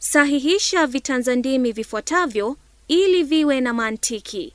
Sahihisha vitanzandimi vifuatavyo ili viwe na mantiki.